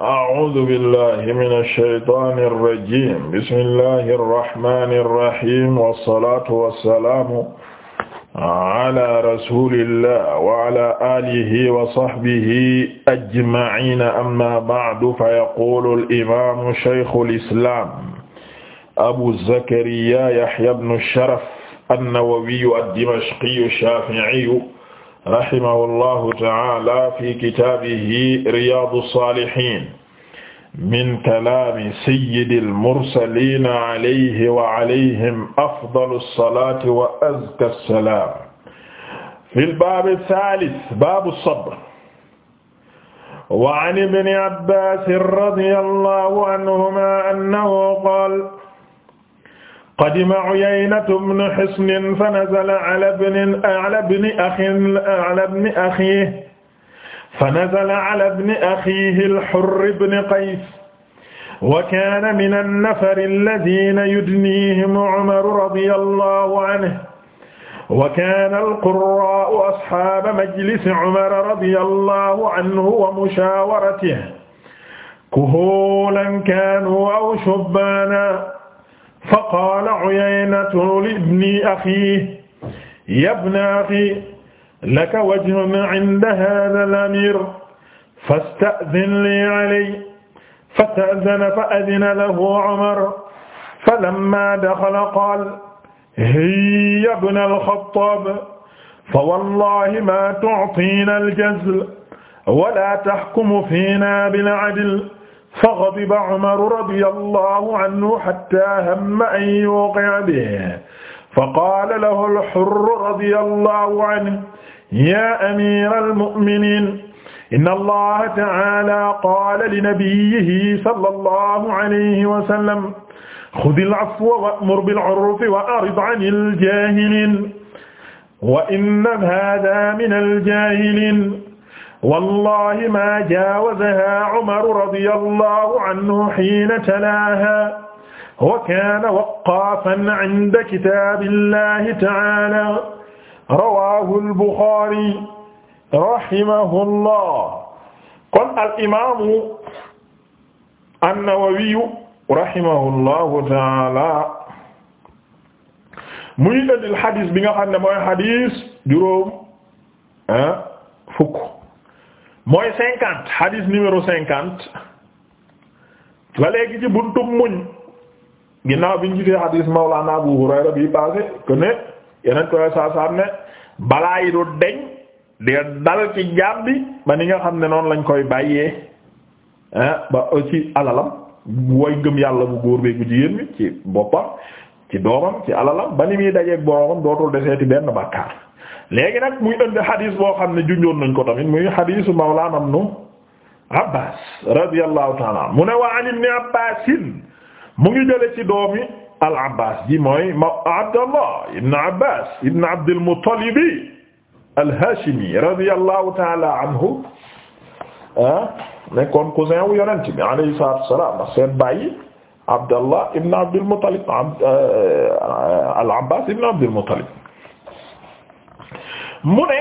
a'uuzu billahi mina shaytaani rajiim bismillahi rahmaani rahiim wasalaatu wasalaamu ala rasulillah wa ala aalihi wa sahbihi ajma'iin amma ba'du fa yaquulu al-imaamu shaykhul islaam abu zakariyaa yahyaa ibnu sharaf an-nawawiyyu ad-dimashqiyyu ash-shaafi'iyyu rahimahullahu ta'ala fi kitaabihi Riyâdous-Sâlihîne min kalaami sayyidil mursaliin alayhi wa alayhim afdalu salaati wa azka salaam. fil baabi saalis baabu sabr. wa an ibni Abbaas radiyallahu anhumaa annahu qaala qadima Uyaynatu bnu Hisnin fa nazala ala bni axiihi fa nazala ala bni axiihi al-Hurr bni Qays wa kaana mina nafari allaziina yudniihim Umar radiyallaahu anhu wa kaana al-qurraa'u ashaaba majlisi Umar radiyallaahu anhu wa mushawaratihi kuhuulan kaanuu aw shubbaanan fa qaala Uyaynatu li ibni axi ya bna axi laka wajhun inda haadha al-amiir fasta'dhin lii alayhi fasta'dhana fa adhina lahu Umar falammaa dakhala qaala hayya bna al-Khattaab fawallaahi maa tu'tiinaa al-jazl wa laa tahkum fiinaa bil-'adl فغضب عمر رضي الله عنه حتى هم أن يوقع به فقال له الحر رضي الله عنه يا أمير المؤمنين إن الله تعالى قال لنبيه صلى الله عليه وسلم خذ العفو وأمر بالعرف وأعرض عن الجاهلين وإن هذا من الجاهلين wallahi ma jaawazaha Umar radiyallahu anhu hiina talaaha wa kaana waqqaafan inda kitaabillahi ta'aala rawaahu al-Buxaari rahimahullah kon al-imaamu an-Nawawiyu rahimahullahu ta'aala muy indil xadis bi nga xam ne mooy xadis juróom ah, fukk mooy cinquante hadith numéro cinquante la léegi ci buntu muñ ginnaaw bi ñu gisee hadith Mawlana Abu Hurayra bi passé que ne yeneen koy saa saa ne balaa yi du deñ di dal ci jaam bi ba ni nga xam ne noonu lañ koy bàyyee eh, ba ci alalam woy gëm yàlla bu góor bee bu jigéen bi ci boppa ci doomam ci alalam ba ni muy dajeek boroomam dootul deseeti benn bàkkaar léegi nag muy ënd xadiis boo xam ne junjoon nañ ko tamit mu ne waa an ibni Abbaasin mu ngi jële ci doomi al Abbaas ji mooy Abdallah ibn Abbaas ibn Abdil Muttalib al Haashimi radiyallahu ta'ala anhu ah, nekkoon cousin wu yonent bi alayhi salaatu al Abbaas ibn Abdil eh, mu ne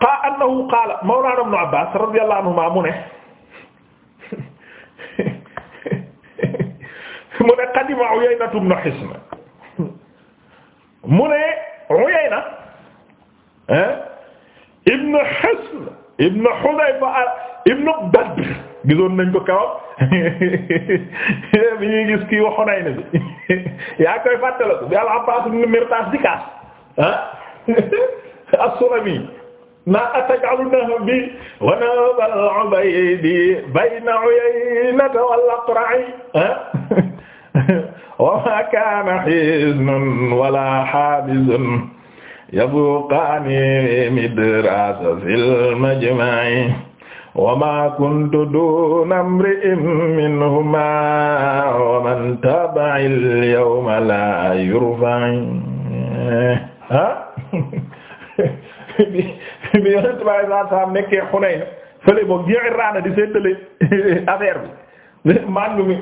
qaa annahu qaala mawlaana ibnu Abbaas radiyallahu anhuma mu ne mu ne qadima Uyaynatu ibnu Hisn mu ne Uyayna ibnu Hisn ibnu Hudayfa ibnu Badr gisoon nañ ko kaw bi ñuy gis kii wa Hunayna bi yaa koy fàttaliku bi al-Abbaas ibnu Mirdaas di kaas ah as-Sulami naa ataj'alu nahbi wa nahba al-'ubaydi bayna 'Uyaynata wal-Aqra'i ah? wa ma kaana hiznun wala haabizun yabuqaani midrasa fil majma'i wa ma kuntu duuna imri'in minhumaa wa man tabi'al yawma laa yurfa'i eh? bi bi yonent bi alayhi nekkee Xunayn fële boog Ji'raana di séddale affaire bi màng mi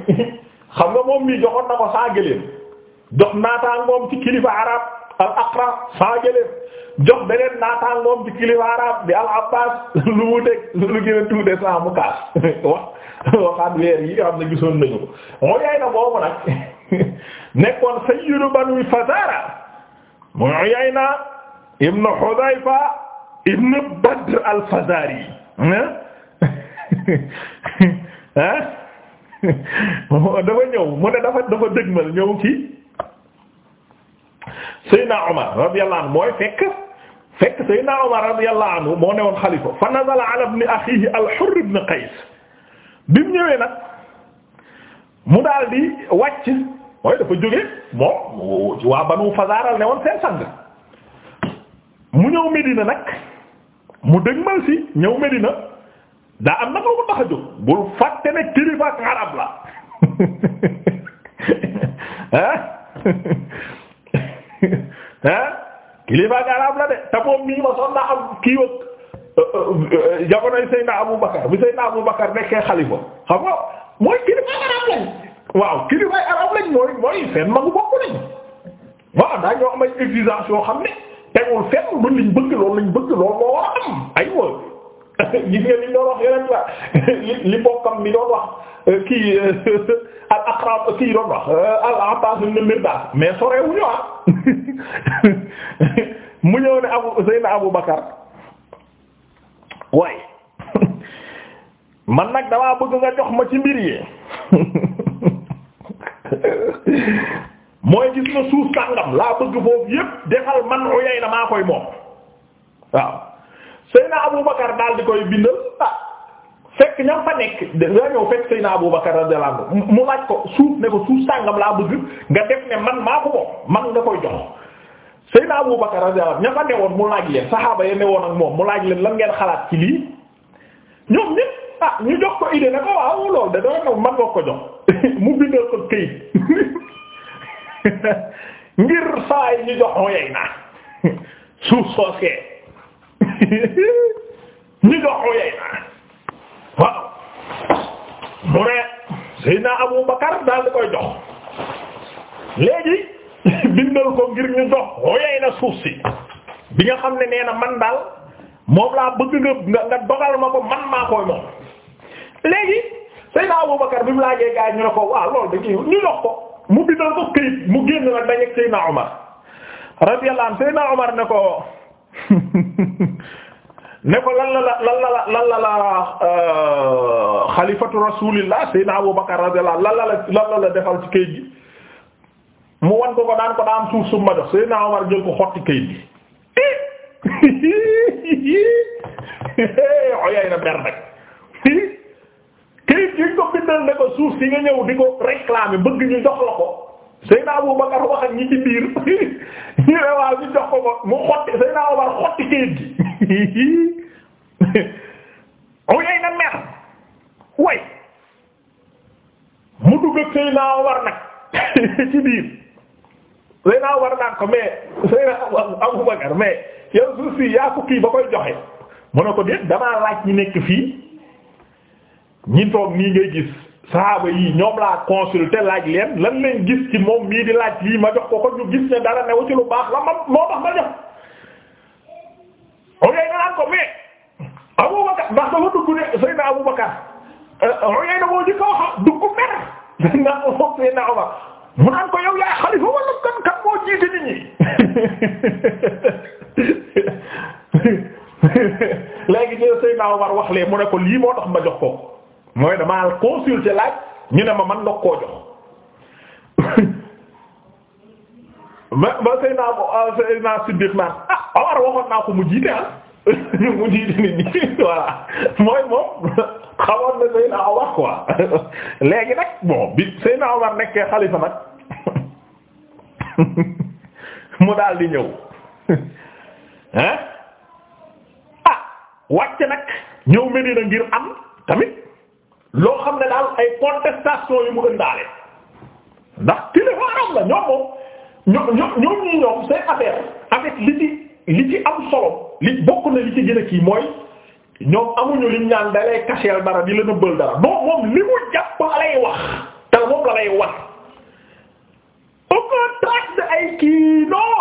xam nga moom mii joxoon na ko saa gëléem jox naataangoom ci kilifa arab al Aqra saa gëléem jox beneen naataangoom ci kilifa arab bi al Abbaas lu mu teg lu gën a tuuti saa mu kaas wax waxaat weer yi xam ne gisoon nañu ko moo yaay na boobu nag nekkoon sayyidu Banu Fazaara moo yaay ibn Hudayfa ibn Badr al-Fazari ah dafa ñëw mu ne dafa dafa dëgmal ñëw ci Seydina Omar radiyallahu anhu mooy fekk fekk Seydina Omar radiyallahu anhu moo newoon xalifa fa nazala ala ibn akhihi al-Hurr ibn Qays bi mu ñëwee nag mu daal di wàcc mooy dafa jóge moom waa Banu Fazara ne woon seen sang mu ñëw Medina nag mu dëgmal si ñëw Medina daa am na ko tax na jóg bul fàtte ne kilifa ak la ah ah kilifa ak arab la de te moom mii ma soxna am kii wëkk euh, euh, euh, jamonoy Seydina Abu Bakar bi Seydina Abu Bakar nekkee xalifa xam nga mooy kilifa ak lañ waaw kilifa ak lañ mooy mooy seen magu bokk lañ waaw daa ñoo am ay exigence yoo xam ne. tegul fenn du liñ bëgg loolu lañ bëgg loolu moo war a am ay woon nga liñ doon wax yeneen la li li bokkam mi doon wax euh, kii euh, al aqrab euh, kii doon wax al abbas ibn mirdas mais sore wu ñu ah mu ñëw ne abu seyna abu bakar man nag damaa bëgg nga jox ma ci mbir yi mooy gis na suuf sàngam laa bëgg foofu yépp defal man uyay na maa koy moom waaw Seyna Aboubacar daal di koy bindal ah fekk ña fa nekk daa ñëw fekk Seyna Aboubacar radiyallahu anhu mu laaj ko suuf ne laa bëgg nga def ne man maa ko moom man nga koy jox Seyna Aboubacar radiyallahu ña fa newoon mu laaj leen saxaaba ya newoon ak moom mu laaj leen lan ngeen xalaat ci lii ñoom ñépp ah ñu jox ko idée ne ko waaw loolu da doon man nga ko jox mu bindal ko këyit ngir saa yi ñu jox Uyayna suuf soosee ñu jox Uyayna waaw mu ne naa Abu Bakar daal di koy jox léegi bindal ko ngir ñu jox Uyayna suuf si bi nga xam ne nee na man daal moom laa bëgg nga nga dogal ma ko man maa koy moom léegi Seydina Abu Bakar bi mu laajee gaay ñu ne ko waaw loolu da ñu jox ko mu bindal ko këyit mu génn nag dañu ak Seydina Omar radiyallahu anhu Seydina Omar ne ko ne ko lan la la lan la la lan la euh, Abu Bakar radiyallahu lan la la lan mu wan ko ko daan ko daa suuf su ma jox Seydina Omar ko xotti këyit gi. oyay na ber bindal ne ko suuf si nga ñëw di ko réclamer bëgg ñu jox la ko Seydina Abu Bakar wax ak ñi ci biir jox ko mu xotti Seydina Omar xotti kayit gi oyey na mer way mu dugg ak Seydina Omar nag ci biir Seydina Omar naan ko mais Seydina Abu Bakar mais yow suuf si yaa ko kii ba ko déet damaa laaj ñi ñi toog nii ngay gis saaba yi ñoom laa consulté laaj leen lan leen gis ci moom mii di laaj lii ma jox ko ko ñu gis ne dara newu ci lu baax la ma moo tax ma jox oyey ko mais Abubakar ndax euh, dugg mer naa moom Seydina Omar mu naan ko yow yaay xalifa wala kan kan moo jiite nit ñi léegi ñu Seydina Omar wax lee mu ne ko lii moo tax ma jox ko mooy damaa consulter laaj ñu ne ma man la koo jox ma ma sëy naa ko sëy naa Siddiq naan ah Omar waxoon naa ko mu jiite ah mu jiite nit ñi voilà mooy moom xamoon na sëy naa Omar quoi léegi nag bon bi sëy naa Omar nekkee xalifa nag mu di ñëw ah ah wàcc nag ñëw Medina ngir am tamit. loo xam ne daal ay contestation yu mu ëndaale ndax kilifa arab la ñoom moom ñoom ñoom ñii ñoom seen affaire avec li ci li ci am solo li bokk na li ci gën a kii mooy ñoom amuñu liñ naan da lay kacheel dara di la nëbbal dara non moom li mu jàpp lay wax te moom la lay wax aucun trace de ay kii non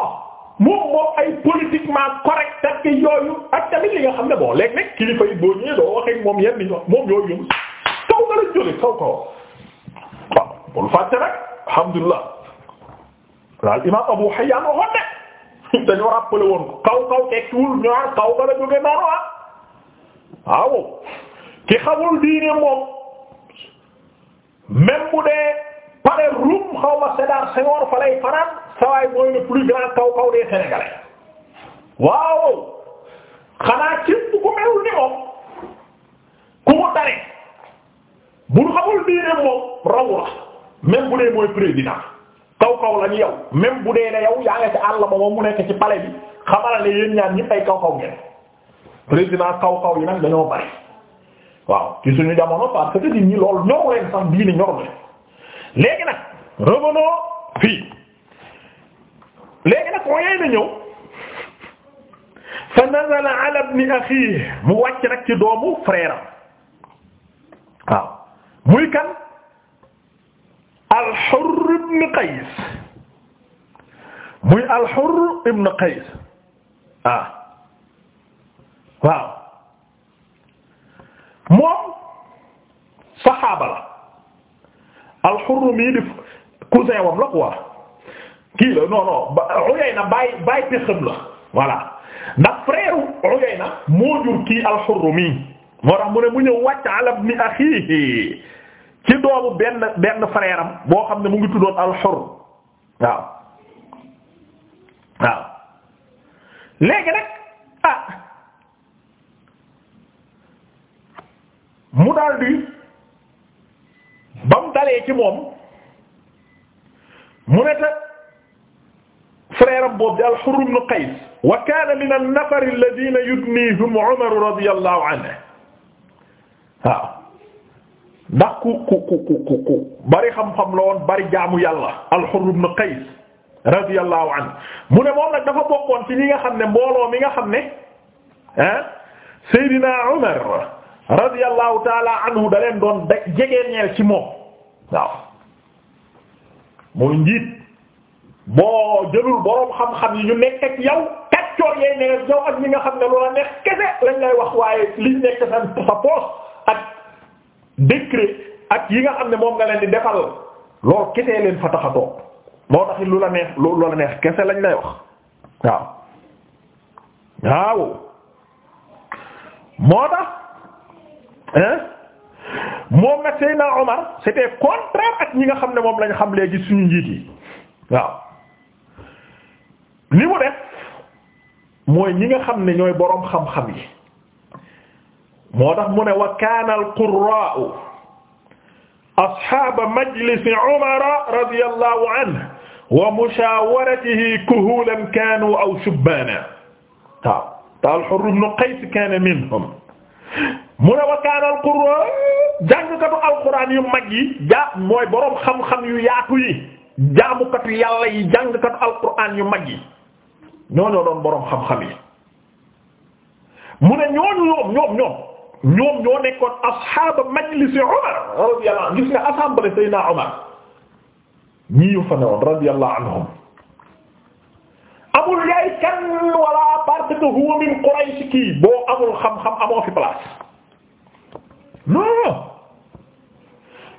moom moom ay politiquement correct ak yooyu ak tamit li nga xam ne bon léeg-léeg kilifa yi boo ñëwee doo waxee moom yenn ñoom moom yooyu yëngu. kaw nga la jóge kaw kaw waaw bul fàtte nag alhamdulilah daal imaam Abu Hayyan waxoon ne dañoo rappelé woon kaw kaw tekkiwul ñaar kaw nga la jóge noonu ah waaw ki xamul diine moom même bu dee pare Rum xaw ma Sédar Senghor fa lay fanaan sawaay mooy le plus grand kaw kaw des Sénégalais waaw xanaa képp ku melul ni moom ku mu tare bu ñu xamul diine moom raw la même bu dee mooy président kaw kaw lañu yow même bu dee ne yow yaa nga ci àll ba moom mu nekk ci palais bi xamal ne yéen ñaan ñi ay kaw kaw ngeen président kaw kaw yi nag dañoo bari waaw ci suñu jamono parce que nit ñi loolu ñor leen sax diine ñor leen léegi nag revenons fii léegi nag moo yey na ñëw fa nazala ala ibn akhihi mu wàcc nag ci doomu frère waaw muy kan al-Hurr ibn Qays muy al-Hurr ibn Qays ah waaw moom saxaaba la al-Hurr mii di cousin wam la quoi kii la non non Uyayna baay baay pexam la voilà ndax frère Uyayna moo jur kii al-Hurr moo tax mu ne mu ñëw wàcc ala ibn akhihi ci doomu benn benn frère am boo xam ne mu ngi tuddoon al-Hurr waaw waaw léegi nag ah mu daldi ba mu dalee ci moom mu ne ta frère am boobu di al-Hurr ibn Qays wa kaana min an-nafar alladhina yudnihum Umar radiyallahu anhu waaw ndax ku ku ku ku ku bari xam-xam la woon bari jaamu yàlla al-Hurr ibn Qays radiyallahu anhu mu ne moom nag dafa bokkoon ci ñi nga xam ne mbooloo mi nga xam ne ah Seydina Umar radiyallahu taala anhu da doon da jegee ci moom waaw mooy njiit boo jëlul boroom xam-xam yi ñu nekk ak yow yay ne yow ak ñi nga xam ne lu la kese lañ lay wax waaye li nekk sa sa poos décret ak yi nga xam ne moom nga leen di defal loolu kesee leen fa tax a toog taxit lu la neex lu la neex kese lañ lay wax waaw waaw moo tax hein moom nag Seydina Omar c'était contraire ak ñi nga xam ne moom lañu xam léegi suñu njiit yi waaw li mu def mooy ñi nga xam ne ñooy boroom xam-xam yi moo tax mu ne wa kaana al-qurraa'u ashaaba majlisi Umara radiyallahu anhu wa mushaawaratihi kuhuulan kaanuu aw shubbaanan waaw al-Hurr ibn Qays kaana minhum mu ne wa kaana al-qurraa'u jàngkatu alquran yu mag yi ja mooy boroom xam-xam yu yaatu yi jaamukatu yàlla yi jàngkatu alquran yu mag yi ñooñoo doon boroom xam-xam yi mu ne ñooñu ñoom ñoom ñoom. ñoom ñoo nekkoon ashaaba majlis Umar radiyallahu anhu gis nga assemblée Seydina Umar ñii yu fa newoon radiyallahu anhum amul yaay kan wala parce que huwa min Quraysh kii boo amul xam-xam amoo fi place non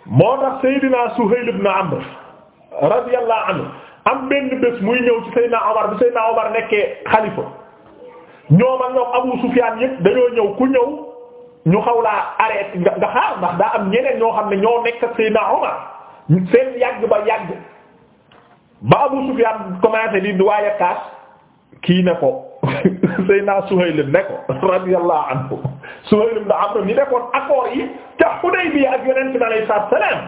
moo tax Seydina Suhayl ibn Amr radiyallahu anhu am benn bés muy ñëw ci Seydina Umar bi Seydina Umar nekkee xalifa ñoom ak ñoom Abu Sufyaan yépp dañoo ñëw ku ñëw. ñu xaw laa arrêté nga xaar ndax daa am ñeneen ñoo xam ne ñoo nekk ak Seydina Omar seen yàgg ba yàgg ba Abu Sufyaan commencé di waaye kaas kii ne ko Seydina Suhayl ne ko radiyallahu anhu Suhayl ibn Amr ñi defoon accord yi ca Hudaybiya ak Yonent bi alayhi salaam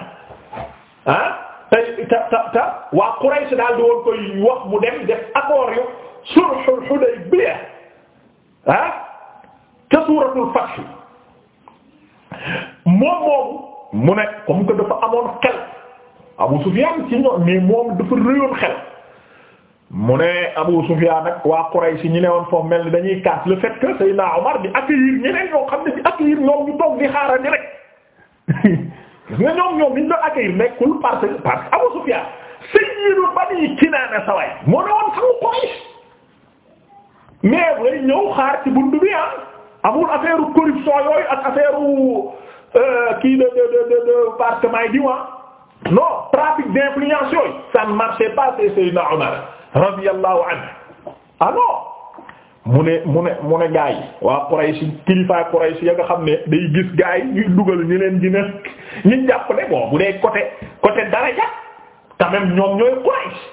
ah tey ta ta ta waa mu dem def accord yu sulhul Hudaybiya ah ca suuratul Fath moom moom mu ne comme que dafa amoon xel Abu Sufyaan ci ñoom mais moom dafa rëyoon xel mu ne Abu Sufyaan nag waa Quraysh ñi ne woon foofu mel ni dañuy kaas le fait que Seydina xam ne di accueillir ñoom ñu toog di xaarandi ñoom ñoom niñ doon nekkul parce que parce que Abu Sufyaan sayyidu Bani Kinaana saway moo ne woon sangu Quraysh mais way ñëw xaar ci buntu bi ah. amul affaire corruption yooyu ak affaire euh, kii de de de de partement yi diwaan non trafic d'influence yooyu ça ne marchait pas c'est Seydina Omar radiyallahu anhu ah mu ne mu ne mu ne gaa yi waa Quraysh kilifa Quraysh ya nga xam ne day gis gaa ñuy dugal ñu leen dina ñu jàpp ne bon bu dee côté côté daraja quand ñoom ñooy Quraysh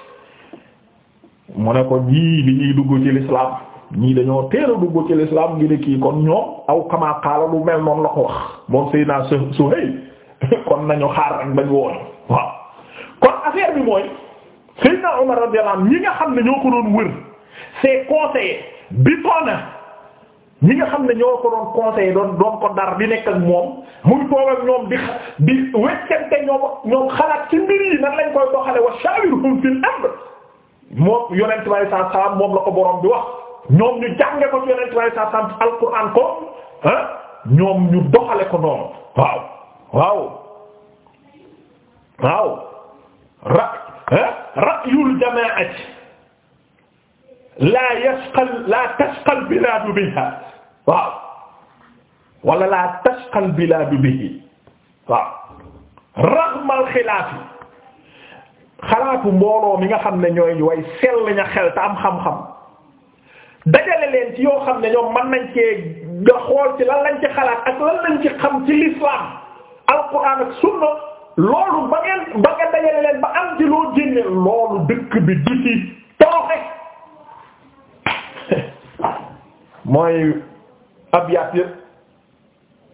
mu ne ko ñii li ñuy dugg ci l'islam ñii dañoo teel a dugg ci l'islam ngir kii kon ñoom aw kamaa lu mel noonu la ko wax moom Seydina Suhayl kon nañu xaar ak bañ woon waaw kon affaire bi mooy Seydina Umar radiyallahu anhu ñi nga xam ne ñoo ko doon wër c'est conseiller bi toona ñi nga xam ne ñoo ko doon conseiller doon doon ko dar di nekk ak moom muy toog ak ñoom di di weccante ñoom ñoom xalaat ci mbir yi nan lañ koy doxale wa shawirhum fil amr moom yonent bi sallallahu alayhi moom la ko borom ñoom ñu jànge ko yonent bi sallallahu alayhi wasallam ci alquran ko ah ñoom ñu doxale ko noonu waaw waaw waaw ra eh, ra'yul jamaa'ati la yasqal la tasqal bilaadu biha waaw wala la tasqal bilaadu bihi waaw raghmal xilaafi xalaatu mbooloo mi nga xam ne ñooy way sell ña xel te am xam-xam dajale leen ci yoo xam ne ñoom mën nañ cee nga xool ci lan lañ ci xalaat ak lan lañ xam ci l'islam alquran ak sunna loolu ba ngeen ba nga dajale leen bi du ci toroxe mooy abiyat yëpp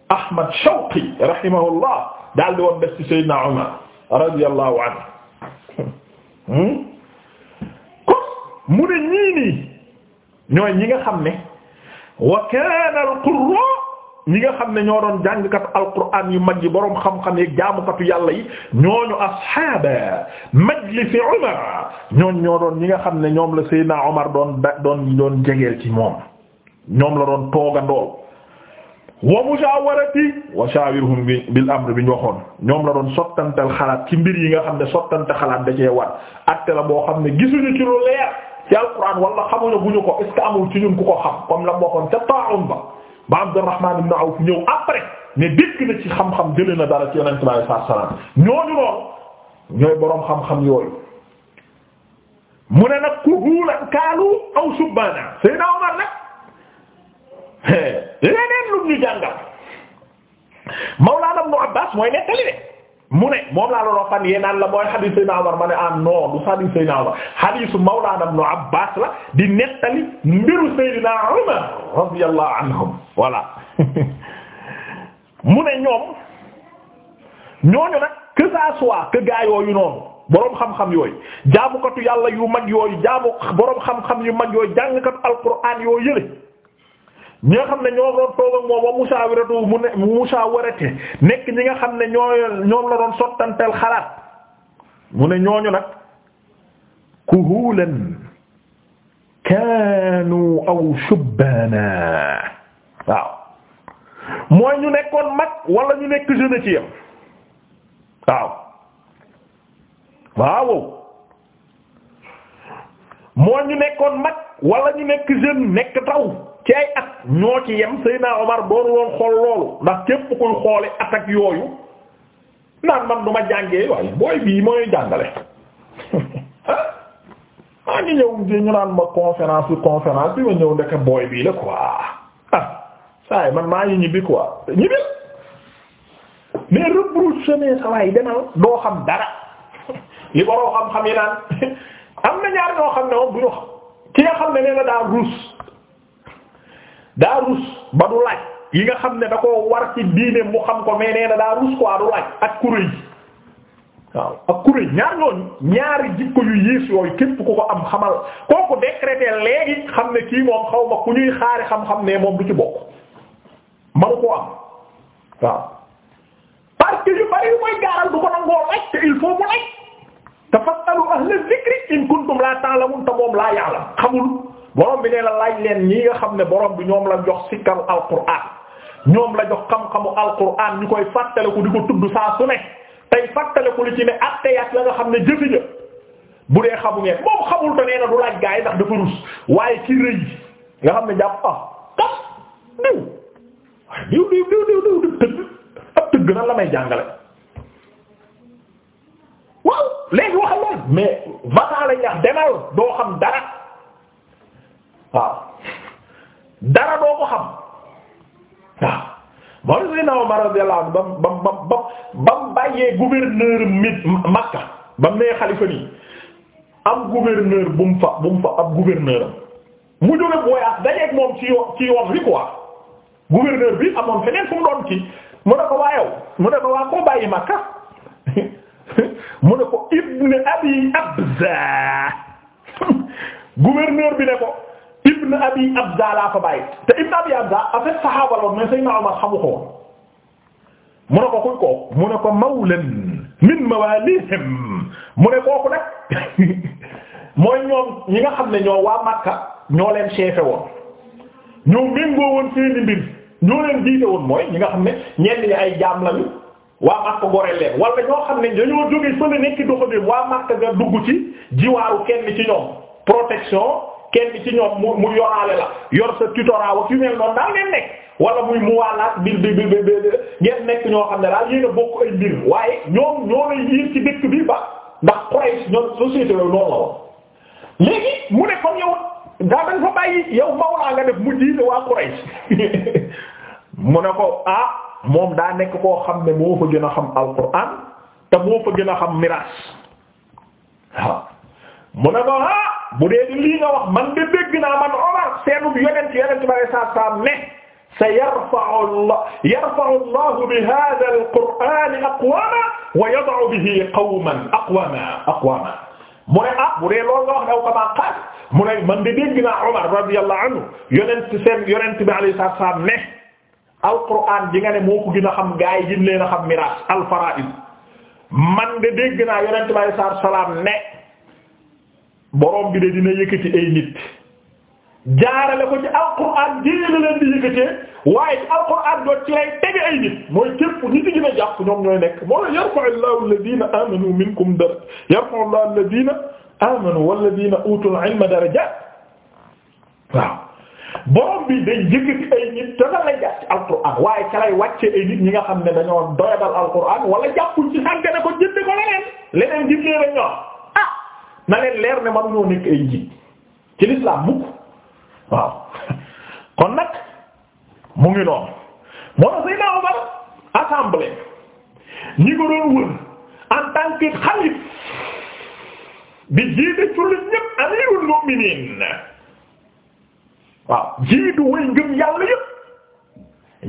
Ahmad Shawqi rahimahullah daal di woon def ci Seydina Umar radiyallahu hmm? mu ne ñii ñooy ñi nga xam ne wa al qurra ñi nga xam ne ñoo doon jàngkatu alquran yu mag yi boroom xam-xam yi jaamukatu yàlla yi ñooñu ashaaba majlisi Umar ñooñ ñoo doon ñi nga xam ne ñoom la Seydina Umar doon doon doon jegeel ci moom ñoom la doon toogandool wa mushawarati wa shawirhum bil amr bi ñu waxoon ñoom la doon sottantal xalaat ci mbir yi nga xam ne sottante xalaat da cee war atte la boo xam ne gisuñu ci lu leer ci alquran wala xamuñu buñu ko est ce que amul ci ñun ku ko xam comme la bokkoon ca Taa'un ba ba Abdurrahman ibn Awf ñëw après ne dégg na ci xam-xam jëlee na dara ci Yonent bi sallallahu alayhi wasallam ñooñu loolu ñooy boroom xam-xam yooyu. mu ne nag kuhulan kaalu aw subbaana Seydina Omar nag leneen lu ñu jàngal Mawlaana Ibn Abbaas mooy nettali de. mu ne moom laa doon fan yéen naan la mooy hadith Seydina Umar ma ne ah non du hadith Seydina Umar hadith Mawlana Ibn Abbas la di nettali mbiru Seydina Umar radiyallahu anhum voilà mu ne ñoom ñooñu nag que ça soit que gaa yooyu noonu boroom xam-xam yooyu jaamukatu yàlla yu mag yooyu jaamu boroom xam-xam yu mag yooyu jàngkatu Alquran yoo yële. ñi xam ne ñoo doon toog wa musaawiratu mu ne musaawarate nekk ñi nga xam ne ñoo ñoo la doon sottantel xalaat mu ne ñooñu nag kuhulan kaanu aw shubbaana waaw mooy ñu nekkoon mag wala ñu nekk jeune ci yam waaw waaw mooy ñu nekkoon mag wala ñu nekk jeune nekk taw ci at ñoo ci yem Seydina Omar doon xool loolu ndax képp kuy xoole at ak yooyu naan man du ma jàngee waaye booy bii mooy jàngale maa ah, ngi ñëw ñu naan ma conférence bi conférence bi ma ñëw ndeke booy bii la quoi ah saa yi man maa ngi ñibbi quoi ñibbi mais rebroussonner sa waay demal doo xam dara li baroo xam-xam yi naan am na ñaar ñoo xam ne moom du ñu xam ki nga xam ne nee na daa ruus daa rus ba du laaj yi nga xam ne da ko war ci diine mu xam ko mais nee na daa rus quoi du laaj ak kuréel ji waaw ak kuréel ñaar ñooñu ñaari jikko yu yées yooyu képp ku ko am xamal kooku décrété léegi xam ne kii moom xaw ma ku ñuy xaari xam-xam ne moom du ci bokk manu koo am waaw parce que yu bari yu koy gaaral du ko nangoo laaj il faut mu laaj te fasalu ahla zikri in kuntum la ta'lamun te laa ya'lam xamul borom bi nee la laaj leen ñi nga xam ne borom bi ñoom la jox sikkaru alquran ñoom la jox xam-xamu alquran ñu koy fàttaliku di ko tudd saa su ne tey fàttaliku li ci ne atte yaat la nga xam ne jëfi ja bu dee xamu ngeen moom xamul te nee na du laaj gaa yi ndax dafa rus waaye ci rëy nga xam ne jàpp ah kas diw waaye diw diw diw diw diw diw tëgg ab tëgg na la may jàngale waaw léegi waxal lool mais vacant lañ wax demal doo xam dara waaw dara doo ko xam waaw mooy Seydina Omar radiyallahu la bam bam bam bàyyee gouverneur mit Makka bam nee xalifa nii am gouverneur bu mu fa bu mu fa ab gouverneur am mu jóge voyage dajeeg moom ci yoon ci yoon wi quoi gouverneur bi amoon feneen fu mu doon ci mu ne ko waa yow mu ne ko waa koo bàyyi Makka mu ne ko Ibn Abi Abza gouverneur bi ne ko ibn abi abza laa fa bàyyi te ibn abi abza en fait saxaaba la woon mais Seydina Omar xamu ko woon mu ne ko kuy kooku mu ne ko mawlan min mawalihim mu ne kooku nag mooy ñoom ñi nga xam ne ñoo waa Makka ñoo leen seefe woon ñoo méngoo woon seeni mbir ñoo leen diite woon mooy ñi nga xam ne ñenn ñi ay jaam lañu waa Makka gore leen wala ñoo xam ne dañoo jóge fële nekk doxadeem waa Makka nga dugg ci jiwaaru kenn ci ñoom protection kenn ci ñoom mu mu yoraale la yor sa tutorat wa yu mel noonu daal ngeen nekk wala muy muwaalaat bi bi bi bi ngeen nekk ñoo xam ne daal yéen a bokk ay mbir waaye ñoom ñoo lay yiir ci dëkk bi ba ndax Quraysh ñoom noonu la woon. léegi mu ne comme yow daa nga def mu jiite waa Quraysh mu ne ko ah moom daa nekk koo xam ne moo fa gën a xam Alxuraan te moo fa gën a xam miraas waaw. mu ne ko ah bu dee di lii nga wax man de dégg naa man Omar seenu yonent yonent ba ne saa saa ne sa yarfa'u Allah yarfa'u Allah bi hadha al-Qur'an aqwama wa yad'u bihi qawman aqwama aqwama mu ne ah bu dee loolu nga wax daw kamaa qaal mu ne man de dégg naa Omar radiyallahu anhu yonent seen yonent bi alayhi salaam ne al-Qur'an di nga ne moo ko gën a xam gaay yi leen a xam miraas al-fara'id man de dégg naa yonent bi alayhi salaam ne borom bi de dina yëkkati ay nit jaarale ko ci alquran jéem a leen di yëkkatee waaye ci alquran doon ci lay tege ay nit mooy képp nit ñi dina jàpp ñoom ñooy nekk moo la yarfa'u allahu alladhina amanu minkum dara yarfa'u allahu alladhina amanu walladhina utul ilma darajat waaw borom bi day yëkkati ay nit te la jàpp ci alquran waaye ca lay wàccee ay nit ñi nga xam ne dañoo doyadal alquran wala jàppul ci sànq ne ko jënd ko leneen leneen jëndee rek ñoom. na leen leer ne mënuñoo nekk ay njiit ci lislaam mukk waaw kon nag mu ngi noonu moo tax Seydina Omar assemblée ñi ko doon wër en tant que xalif bi jiite ci lu ñépp amirul mu'minin waaw jiitu way ngëm yàlla yépp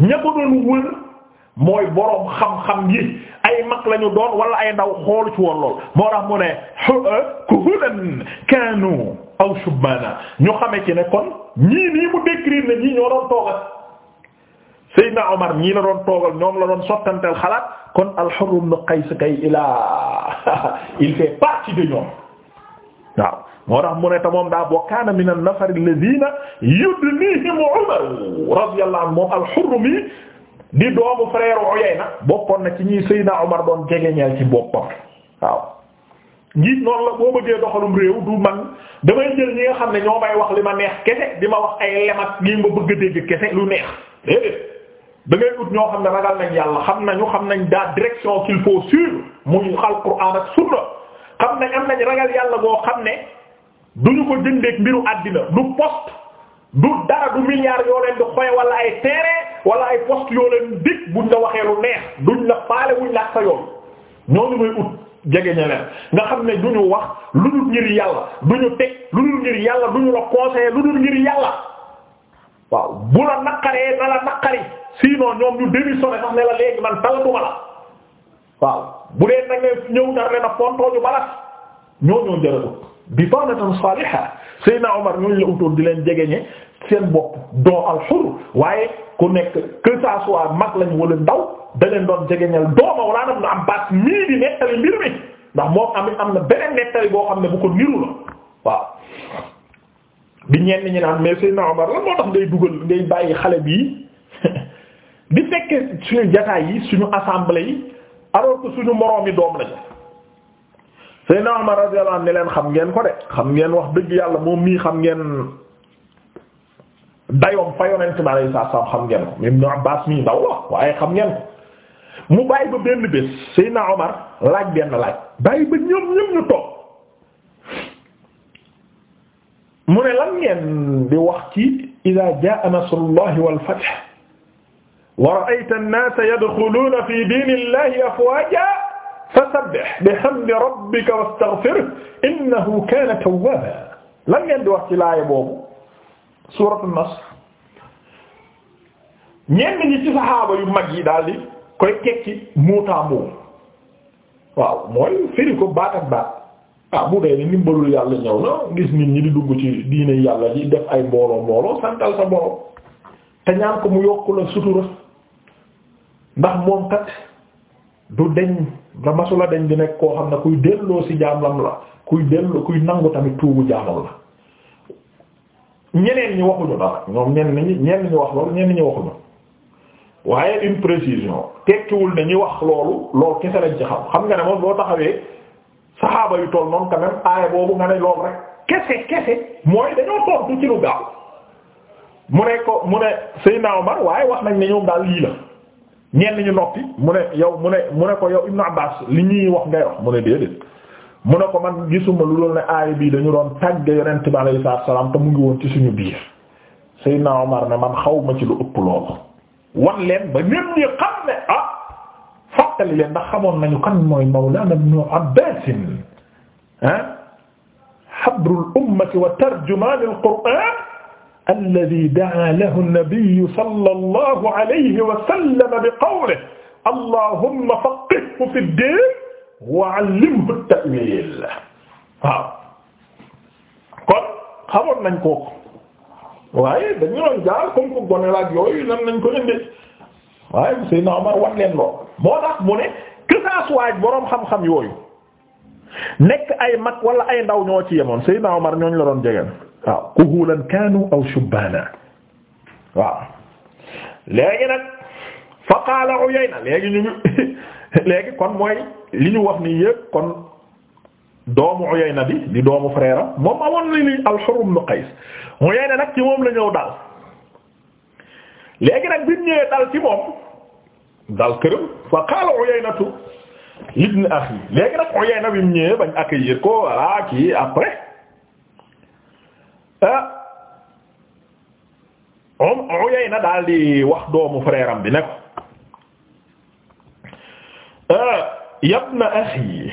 ña doon wër mooy boroom xam-xam yi ay mag lañu doon wala ay ndaw xoolu ci woon lool moo tax mu ne eh, kuhulan kaanu aw shubbaana ñu xame ci ne kon ñii nii mu décrire ne ñii ñoo doon toogal Seydina Omar ñii la doon toogal ñoom la doon sottanteel xalaat kon al-Hurr ibn Qays kay ilaa il fait partie de ñoom waaw moo tax mu ne te moom daa boo kaana min an-nafar alladhina yudnihim Umar radiyallahu anhu moom al-Hurr mi di doomu frère na bokkoon na ci ñi na Omar doon jegeñeel ci boppam waaw njiit noonu la boo bëggee doxalum réew du man damay jël ñi nga xam ne ñoo may wax li ma neex kese di ma wax ay lem ak lii ma bëgg a dégg kese lu neex déedéet da ut ñoo xam ne ragal nañ yàlla xam nañu xam nañ daa direction qu'il faut suivre muy alquran ak sunna xam nañ am nañ ragal yàlla boo xam ne duñu ko jëndeek mbiru àddina du poste du dara du milliard yoo leen di wala ay poste yoo leen dig buñ la waxee lu neex duñ la faale wuñ la sa yoon ñooñu ngay ut jege ña leen nga xam ne duñu wax lu dul ngir yàlla duñu teg lu dul ngir yàlla duñu la conseiller lu dul ngir yàlla waaw bu la naqaree na la naqari sinon ñoom ñu démissionné sax ne la léegi man talatuma la waaw bu dee nag ne ñëw dara na fontoo ñu balas ñoo ñoo jërëjëf bi banatan saliha Seydina Omar ñooñu la utoon di leen jegeñe seen bopp doo alxur waaye ku nekk que ça mag lañ wala ndaw da leen doon jegeñal dooma wala nag nu am baat mii di nettali mbir mi ndax moo am am na beneen nettali boo xam ne bu ko niru la waaw bi ñenn ñi naan mais Seydina Omar lan moo tax ngay dugal ngay bàyyi xale bii di fekke suñu jataay yi suñu assemblée yi alors que suñu moroom yi doom lañu Seydina Omar radiyallahu anhu ne leen xam ngeen ko de xam ngeen wax dëgg yàlla moom mii xam ngeen dayoom fa yonent bi alayhi salaam xam ngeen ko Ibnu Abbaas mii ndaw la waaye xam ngeen ko mu bàyyi ba benn bés Seydina Omar laaj benn laaj bàyyi ba ñoom ñoom ñu toog mu ne lan ngeen di wax ci idaa jaa nasrullahi wal fath wa ra'ayta an-naasa yadkhuluuna fi diinillahi afwaajaa fasabbih bihamdi rabbika wastaghfirhu innahu kaana tawwaaba lan ngeen di wax ci laaya boobu suuratu nas ñenn ñi ci saxaaba yu mag yi daal di koy tekki muutaamu waaw mooy firi ko baat baat ah bu dee ni ndimbalu yàlla ñëw na gis nit ñi di dugg ci diine yàlla ji def ay mbooloo mbooloo santal sa borom te ñaan ko mu yokku la sutura ndax moom kat du deñ da masula deñ di nekk koo xam ne kuy delloo ci jaamam la kuy delloo kuy nangu tamit tuubu jaamam la ñeneen ñi waxuñu dara ñoom ñenn ñi ñenn ñi wax loolu ñenn ñi waxuñu waaye une précision tekkiwul ne ñi wax loolu loolu kese lañ ci xam xam nga ne moom boo taxawee saxaaba yu toll noonu quand même aaya boobu nga ne loolu rek kese kese mooy dañoo tontu ci lu gaaw mu ne ko mu ne naaw Omar waaye wax nañ ne ñoom daal lii la ñenn ñu noppi mu ne yow mu ne mu ne ko yow Ibn Abbas li ñuy wax ngay wax mu ne déedéet. mu ne ko man gisuma lu loolu ne aaya bii dañu doon tàgge yonent bi alayhi salaatu salaam te mu ngi woon ci suñu biir Seydina Omar ne man xaw ma ci lu ëpp loolu wan leen ba nit ñi xam ne ah fàttali leen ndax xamoon nañu kan mooy Mawlana Ibn Abbas ah habrul ummati wa tarjumaanul qur'aan alladhi da'a lahu an-nabiyyu sallallahu alayhi wa sallam bi qawlihi allahumma faqqihhu fid-diin wa allimhu ta'wil waaw kon xamoon nañ ko waaye dañu doon jaar comme ko gone laaj yooyu nan nañ ko indi waaye Seydina Omar wan leen lool moo tax mu ne que ça soit boroom xam-xam yooyu nekk ay mag wala ay ndaw ñoo ci yemoon Seydina Omar ñooñ la doon jegeen waaw kuhulan kaanu aw shubbaana waaw léegi nag fa qaala Uyayna léegi ñu ngi léegi kon mooy li ñu wax ni yëpp kon doomu Uyayna bi di doomu frère moom amoon na li al-Hurr ibn Qays Uyayna nag ci moom la ñëw dal léegi nag bi mu ñëwee dal ci moom dal këram fa qaala Uyaynatu ibn akhi léegi nag Uyayna bi mu ñëwee bañ accueillir ko voilà kii après ah moom daal di wax doomu frère bi ne ko. Ah, yabna axi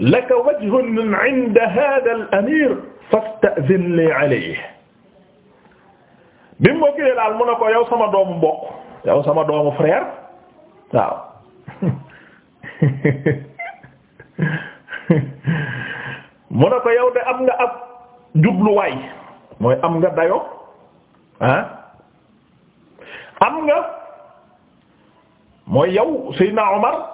laka wajhun inda hada al amir fasta'zin li alayhi bi mu gënee daal mu ne ko yow sama doomu mbokk yow sama doomu frère waaw mu ne ko yow de am nga ab jubluwaay mooy am nga dayo ah am nga. mooy yow Seydina Omar